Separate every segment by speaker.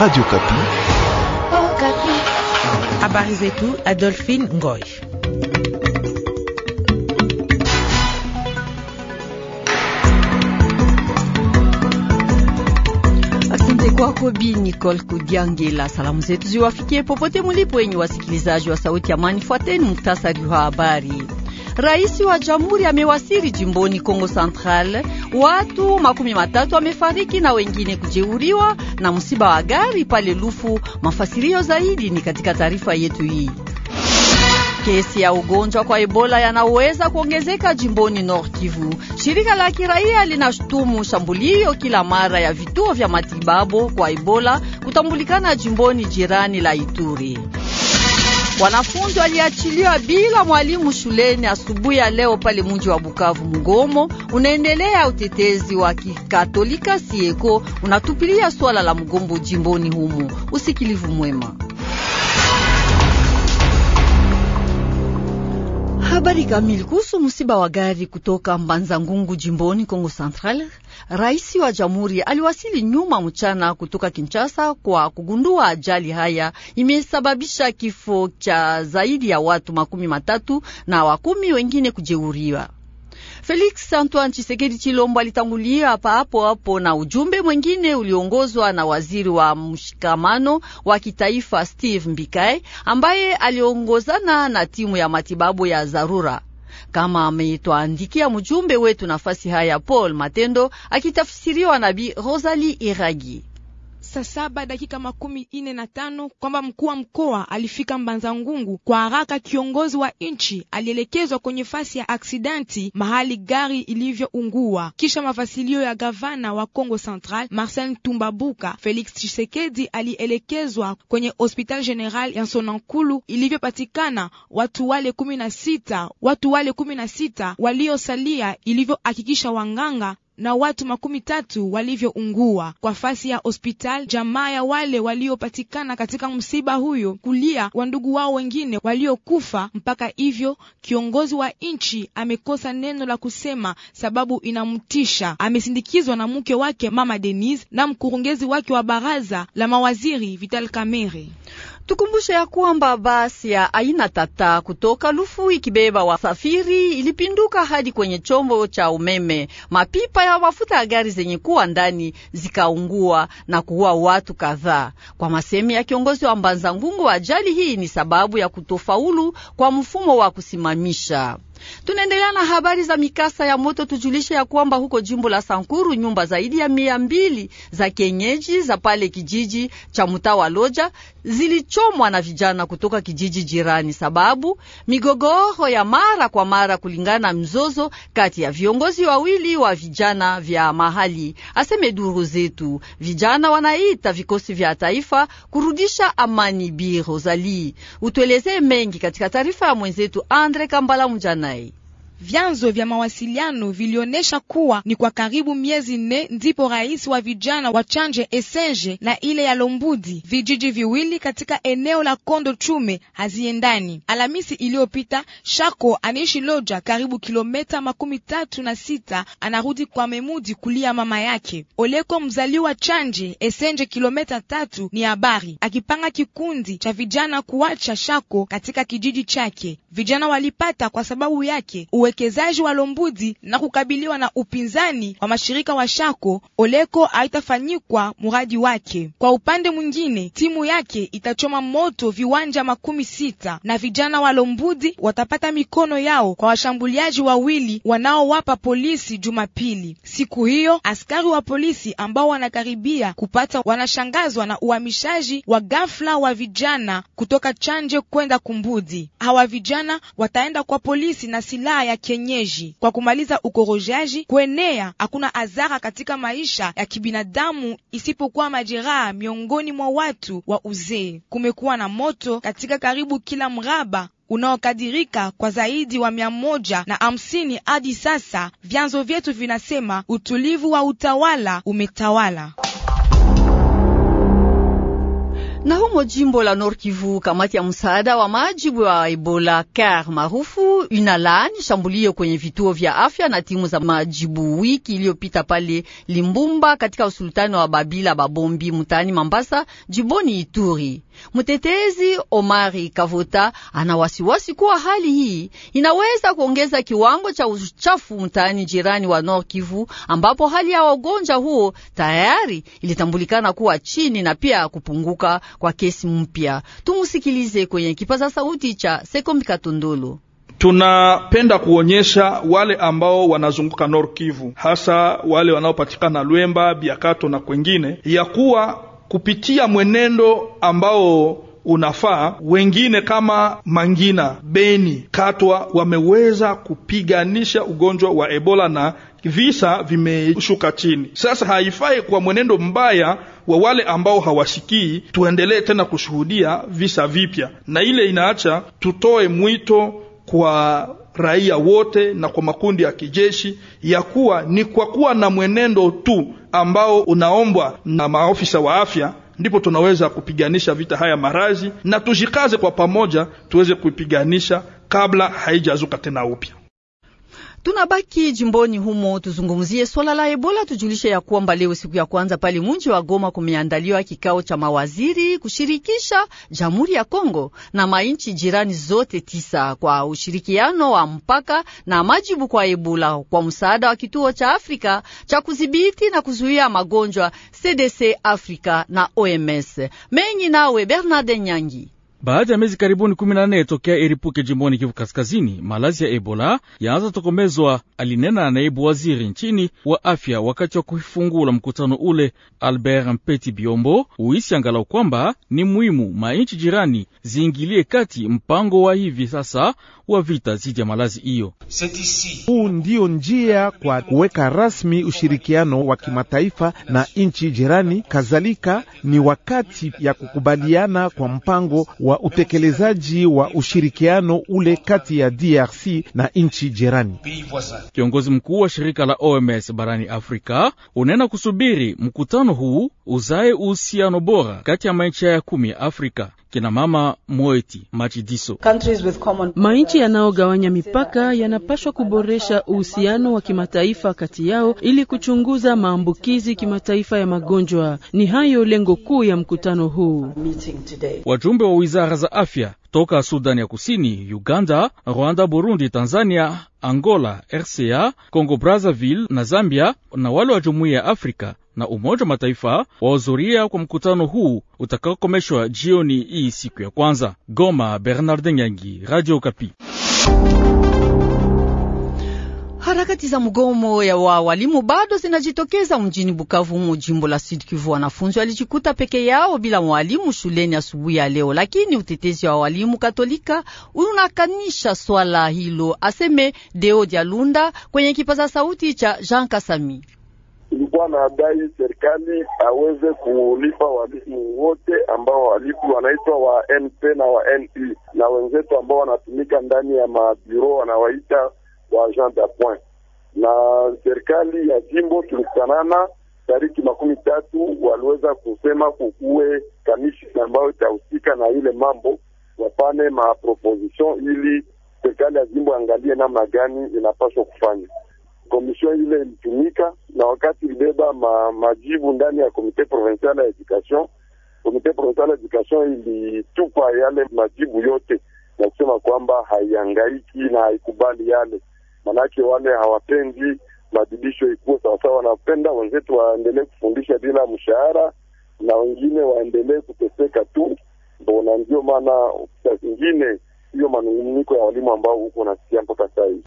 Speaker 1: Radio Kapi.
Speaker 2: Oh, Kapi. Habari zetu Adolphine Ngoy.
Speaker 3: Asante kwako Bi Nicole Kudiangela. Salamu zetu ziwafikie popote mulipo, enyi wasikilizaji wa Sauti ya Amani. Fuateni muktasari wa habari. Rais wa jamhuri amewasili jimboni Kongo Central. Watu makumi matatu wamefariki na wengine kujeuriwa na msiba wa gari pale Lufu. Mafasirio zaidi ni katika taarifa yetu hii. Kesi ya ugonjwa kwa Ebola yanaweza kuongezeka jimboni Nord Kivu. Shirika la kiraia linashutumu shambulio kila mara ya vituo vya matibabu kwa Ebola kutambulikana jimboni jirani la Ituri. Wanafunzi waliachiliwa bila mwalimu shuleni asubuhi ya leo pale mji wa Bukavu. Mgomo unaendelea. Utetezi wa Kikatolika Sieko unatupilia swala la mgombo jimboni humo. Usikilivu mwema. Habari kamili kuhusu msiba wa gari kutoka Mbanza Ngungu jimboni Kongo Central Rais wa jamhuri aliwasili nyuma mchana kutoka Kinshasa kwa kugundua ajali haya imesababisha kifo cha zaidi ya watu makumi matatu na wakumi wengine kujeuriwa Felix Antoine Chisekedi Chilombo alitangulia hapa hapo hapo na ujumbe mwengine uliongozwa na waziri wa mshikamano wa kitaifa Steve Mbikae ambaye aliongozana na timu ya matibabu ya dharura kama ameitwandikia mjumbe wetu nafasi haya Paul Matendo akitafsiriwa na Bi Rosalie Iragi
Speaker 2: saa saba dakika makumi ine na tano kwamba mkuu wa mkoa alifika Mbanza Ngungu kwa haraka. Kiongozi wa nchi alielekezwa kwenye fasi ya aksidanti mahali gari ilivyoungua. Kisha mafasilio ya gavana wa Kongo Central Marcel Tumbabuka, Felix Tshisekedi alielekezwa kwenye hospital general ya Sonankulu ilivyopatikana watu wale kumi na sita watu wale kumi na sita waliosalia ilivyohakikisha wanganga na watu makumi tatu walivyoungua kwa fasi ya hospitali. Jamaa ya wale waliopatikana katika msiba huyo kulia wa ndugu wao wengine waliokufa. Mpaka hivyo kiongozi wa nchi amekosa neno la kusema, sababu inamtisha. Amesindikizwa na mke wake mama Denise na mkurugenzi wake wa baraza la mawaziri Vital Kamerhe.
Speaker 3: Tukumbushe ya kwamba basi ya aina tata kutoka Lufu ikibeba wasafiri ilipinduka hadi kwenye chombo cha umeme. Mapipa ya mafuta ya gari zenye kuwa ndani zikaungua na kuua watu kadhaa. Kwa masemi ya kiongozi wa Mbanza Ngungu, ajali hii ni sababu ya kutofaulu kwa mfumo wa kusimamisha Tunaendelea na habari za mikasa ya moto. Tujulishe ya kwamba huko jimbo la Sankuru nyumba zaidi ya mia mbili za kienyeji za pale kijiji cha mtaa wa Loja zilichomwa na vijana kutoka kijiji jirani, sababu migogoro ya mara kwa mara kulingana mzozo kati ya viongozi wawili wa vijana vya mahali. Aseme duru zetu, vijana wanaita vikosi vya taifa kurudisha amani. Bi Rosalie, utueleze
Speaker 2: mengi katika taarifa ya mwenzetu Andre Kambala Mjana. day. Vyanzo vya mawasiliano vilionyesha kuwa ni kwa karibu miezi nne ndipo rais wa vijana wa Chanje Esenje na ile ya Lombudi, vijiji viwili katika eneo la Kondo Chume, haziendani. Alhamisi iliyopita, Shako anaishi Loja, karibu kilometa makumi tatu na sita, anarudi kwa Memudi kulia mama yake Oleko, mzaliwa Chanje Esenje, kilometa tatu ni habari, akipanga kikundi cha vijana kuacha Shako katika kijiji chake. Vijana walipata kwa sababu yake uwe uwekezaji wa Lombudi na kukabiliwa na upinzani wa mashirika wa Shako, Oleko haitafanyikwa muradi wake. Kwa upande mwingine, timu yake itachoma moto viwanja makumi sita na vijana wa Lombudi watapata mikono yao kwa washambuliaji wawili wanaowapa polisi Jumapili. Siku hiyo askari wa polisi ambao wanakaribia kupata wanashangazwa na uhamishaji wa ghafla wa vijana kutoka Chanje kwenda Kumbudi. Hawa vijana wataenda kwa polisi na silaha ya kienyeji. Kwa kumaliza ukorojaji kuenea, hakuna azara katika maisha ya kibinadamu isipokuwa majeraha miongoni mwa watu wa uzee. Kumekuwa na moto katika karibu kila mraba unaokadirika kwa zaidi wa mia moja na hamsini hadi sasa. Vyanzo vyetu vinasema utulivu wa utawala umetawala. Na humo jimbo la Nord Kivu, kamati ya msaada wa maji
Speaker 3: wa Ebola CAR maarufu inalaani shambulio kwenye vituo vya afya na timu za majibu wiki iliyopita pale Limbumba katika usultani wa Babila Babombi mtaani Mambasa jiboni Ituri. Mtetezi Omari Kavota ana wasiwasi kuwa hali hii inaweza kuongeza kiwango cha uchafu mtaani jirani wa Nord Kivu ambapo hali ya wagonjwa huo tayari ilitambulikana kuwa chini na pia kupunguka kwa kesi mpya. Tumusikilize kwenye kipaza sauti cha Sekombi Katundulu.
Speaker 4: Tunapenda kuonyesha wale ambao wanazunguka Nord Kivu, hasa wale wanaopatikana Lwemba, Biakato na kwengine, ya kuwa kupitia mwenendo ambao unafaa wengine kama Mangina, Beni, Katwa wameweza kupiganisha ugonjwa wa Ebola na visa vimeshuka chini. Sasa haifai kwa mwenendo mbaya wa wale ambao hawasikii tuendelee tena kushuhudia visa vipya, na ile inaacha tutoe mwito kwa raia wote na kwa makundi ya kijeshi ya kuwa ni kwa kuwa na mwenendo tu ambao unaombwa na maofisa wa afya ndipo tunaweza kupiganisha vita haya marazi, na tujikaze kwa pamoja tuweze kuipiganisha kabla haijazuka tena upya.
Speaker 3: Tunabaki jimboni humo, tuzungumzie swala la Ebola. Tujulishe ya kwamba leo siku ya kwanza pale mji wa Goma kumeandaliwa kikao cha mawaziri kushirikisha Jamhuri ya Kongo na mainchi jirani zote tisa kwa ushirikiano wa mpaka na majibu kwa Ebola kwa msaada wa kituo cha Afrika cha kudhibiti na kuzuia magonjwa CDC Afrika na OMS. Mengi nawe Bernard Nyangi.
Speaker 4: Baada ya miezi karibuni 14 tokea eripuke jimboni Kivu Kaskazini, malazi ya Ebola yaanza tokomezwa, alinena naibu waziri nchini wa afya wakati wa kuifungula mkutano ule. Albert Mpeti Biombo uisi angalau kwamba ni muhimu mainchi jirani ziingilie kati mpango wa hivi sasa wa vita dhidi ya malazi hiyo. Huu ndiyo njia kwa kuweka rasmi ushirikiano wa kimataifa na nchi jirani, kadhalika ni wakati ya kukubaliana kwa mpango wa wa utekelezaji wa ushirikiano ule kati ya DRC na nchi jirani. Kiongozi mkuu wa shirika la OMS barani Afrika unena kusubiri mkutano huu uzae uhusiano bora kati ya manchi ya kumi ya Afrika. Kina mama Moeti Machidiso,
Speaker 3: maichi yanayogawanya mipaka yanapashwa kuboresha uhusiano wa kimataifa kati yao ili kuchunguza maambukizi kimataifa ya magonjwa. Ni hayo lengo kuu ya mkutano huu.
Speaker 4: Wajumbe wa wizara wizara za afya toka Sudani ya Kusini, Uganda, Rwanda, Burundi, Tanzania, Angola, RCA, Congo Brazzaville na Zambia na wale wa Jumuiya ya Afrika na Umoja wa Mataifa wahudhuria kwa mkutano huu utakaokomeshwa jioni hii siku ya kwanza. Goma, Bernard Nyangi, Radio Kapi.
Speaker 3: Harakati za mgomo ya wa walimu bado zinajitokeza mjini Bukavu mu jimbo la Sud Kivu. Wanafunzi walijikuta peke yao bila mwalimu shuleni asubuhi ya leo, lakini utetezi wa walimu Katolika unakanisha swala hilo, aseme Deo lunda kwenye kipaza sauti cha Jean Kasami.
Speaker 1: Ilikuwa na adai serikali aweze kulipa walimu wote ambao waliku wanaitwa wa NP na wa NE na wenzetu ambao wanatumika ndani ya mabiro wanawaita wa agenda point na serikali ya jimbo tulikutanana tariki makumi tatu, waliweza kusema kukuwe kamishi ambayo itahusika na ile mambo, wapane maproposition ili serikali ya jimbo angalie namna gani inapaswa kufanya. Komision ile ilitumika na wakati ilibeba ma, majibu ndani ya komite provincial ya education. Komite provincial ya education ilitupa yale majibu yote na kusema kwamba haiangaiki na haikubali yale manake wale hawapendi madibisho ikuwe sawasawa, wanapenda wenzetu waendelee kufundisha bila mshahara na wengine waendelee kuteseka tu, ndo na ndio maana saa zingine hiyo manunguniko ya walimu ambao huko nasikia mpaka saa hii.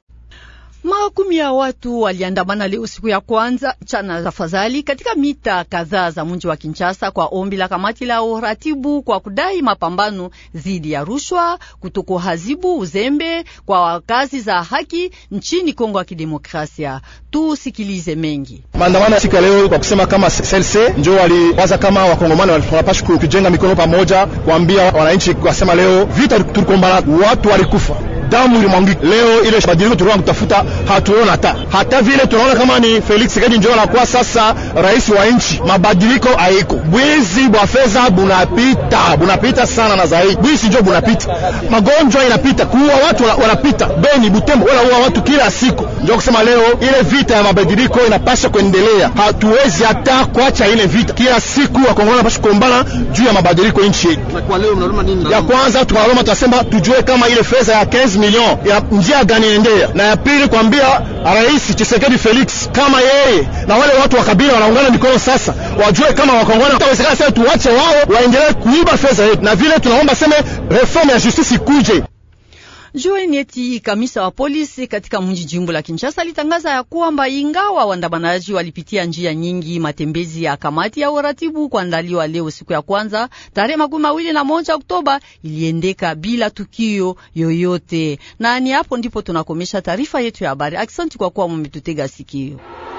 Speaker 3: Makumi ya watu waliandamana leo siku ya kwanza chana tafadhali katika mita kadhaa za mji wa Kinshasa kwa ombi la kamati la uratibu kwa kudai mapambano dhidi ya rushwa, kutokuhazibu uzembe kwa kazi za haki nchini Kongo ya Kidemokrasia. Tusikilize mengi.
Speaker 1: Maandamano siku ya leo kwa kusema kama CLC njo waliwaza kama wakongomani wanapaswa kujenga mikono pamoja, kuambia wananchi, kwasema leo vita tulikombana, watu walikufa damu ilimwangika. Leo ile badiliko tulikuwa kutafuta hatuona, hata hata vile tunaona kama ni Felix Tshisekedi njoo anakuwa sasa rais wa nchi, mabadiliko haiko. Bwizi bwa fedha bunapita, bunapita sana na zaidi, bwizi njoo bunapita, magonjwa inapita, kuua watu wanapita, Beni Butembo wanaua watu kila siku. Njoo kusema leo ile vita ya mabadiliko inapasha kuendelea, hatuwezi hata kuacha ile vita. Kila siku wakongomani wanapasha kuombana juu ya mabadiliko nchi yetu. Ya kwanza tunaloma, tunasema tujue kama ile fedha ya 15 million ya njia gani endea. Na ya pili kwambia Rais Chisekedi Felix kama yeye na wale watu wa kabila wanaungana mikono sasa, wajue kama wakongana itawezekana, sasa tuwache wao waendelee kuiba fedha yetu, na vile tunaomba seme reforme ya justice ikuje
Speaker 3: eti kamisa wa polisi katika mji jimbo la Kinshasa litangaza ya kwamba ingawa waandamanaji walipitia njia nyingi, matembezi ya kamati ya uratibu kuandaliwa leo siku ya kwanza tarehe makumi mawili na moja Oktoba iliendeka bila tukio yoyote. Na ni hapo ndipo tunakomesha taarifa yetu ya habari. Aksanti kwa kuwa mumetutega sikio.